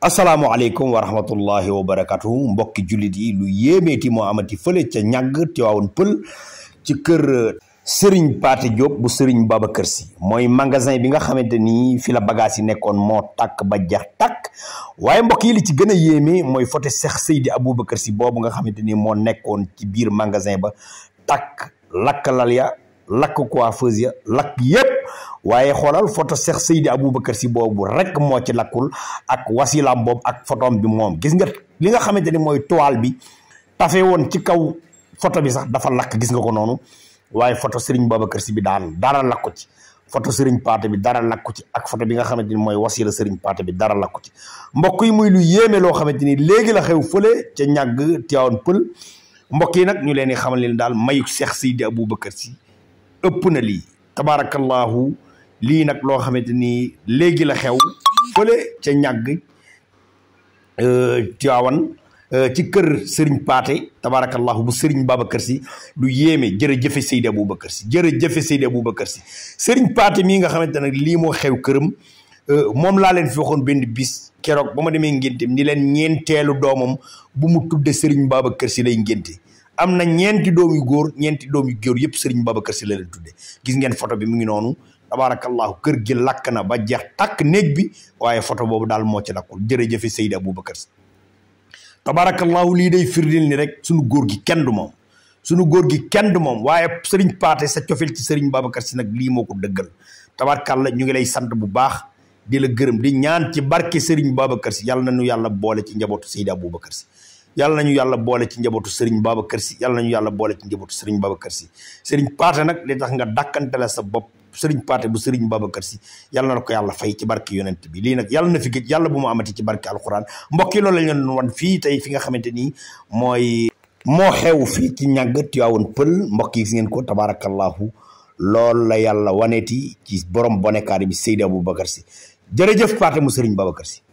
asalaamualeykum wa rahmatullahi wa barakatu mbokki jullit yi lu yéemeeti moo amati fële ca ñàgg Tiwaawoon Pël ci kër euh, Serigne Pathé Diop bu Serigne kër si mooy magasin bi nga xamante ni fi la bagage yi nekkoon moo tàkk ba jeex takk waaye mbokk yi li ci gën a yéeme mooy foto Cheikh Seydi Aboubacar Sy boobu nga xamante ni moo nekkoon ci biir magasin ba tàkk lakkalal ya lakk coiffeuse ya lakk yépp waaye xoolal photo Cheikh Seydi Aboubacar si boobu rek moo ci lakkul ak wasilaam boobu ak photom bi moom gis nga li nga xamante ni mooy toile bi tafe woon ci kaw photo bi sax dafa lakk gis nga ko noonu waaye photo Serigne Babacar Sy bi daan dara lakku ci photo Serigne Pathé bi dara lakku ci ak photo bi nga xamante ni mooy wasila Serigne Pathé bi dara lakku ci mbokk yi muy lu yéeme loo xamante ni léegi la xew fële ca ñàgg Tivaouane Pël mbokk yi nag ñu leen di xamal leen daal mayu Cheikh Seydi Aboubacar si ëpp na lii tabaarakallaahu lii nag loo xamante ni léegi la xew fële ca ñàgg euh, Tiwaawan euh, ci kër sëriñ Paate tabaarakallaahu bu sëriñ Babacar si lu yéeme jërëjëfe Seydi Aboubacar si jërëjëfe Seydi Aboubacar si Serigne Paate mii nga xamante nag lii moo xew këram euh, moom laa leen fi waxoon benn bis keroog ba ma demee ngénte ni leen ñeenteelu doomam bu mu tudde sëriñ Babacar si lay ngénte am na ñeenti doom yu góor ñeenti doom yu góor yëpp Serigne Babacar Sy la leen tuddee gis ngeen foto bi mu ngi noonu tabaarakallaahu kër gi lakk na ba jeex takk néeg bi waaye foto boobu daal moo ci lakkul jërëjëfe Seydi Aboubacar Sy tabaarakallaahu lii day firndil ni rek sunu góor gi kenn du moom sunu góor gi kenn du moom waaye sëriñ Paate sa cofil ci Serigne Babacar Sy nag lii moo ko dëggal tabaarakallaa ñu ngi lay sant bu baax di la gërëm di ñaan ci barke sëriñ Babacar Sy yàlla na nu yàlla boole ci njabootu Seydi Aboubacar Sy yàlla nañu yàlla boole ci njabootu Serigne Babacar Sy yàlla nañu yàlla boole ci njabootu Serigne Babacar Sy Serigne Paate nag li tax nga dàkkantale sa bopp Serigne Paate bu Serigne Babacar Sy yàlla na ko yàlla fay ci barke yonent bi lii nag yàlla na fi gëj yàlla bu mu amati ci barke alxuraan mbokk yi loolu lañ leen wan fii tey fi nga xamante ni mooy moo xew fii ci ñàgg Tiwaawoon Pël mbokk yi gis ngeen ko tabaarakallaahu loolu la yàlla waneeti ci borom bonekaari bi Seydi Aboubacar Sy jërëjëf Paate mu Serigne Babacar Sy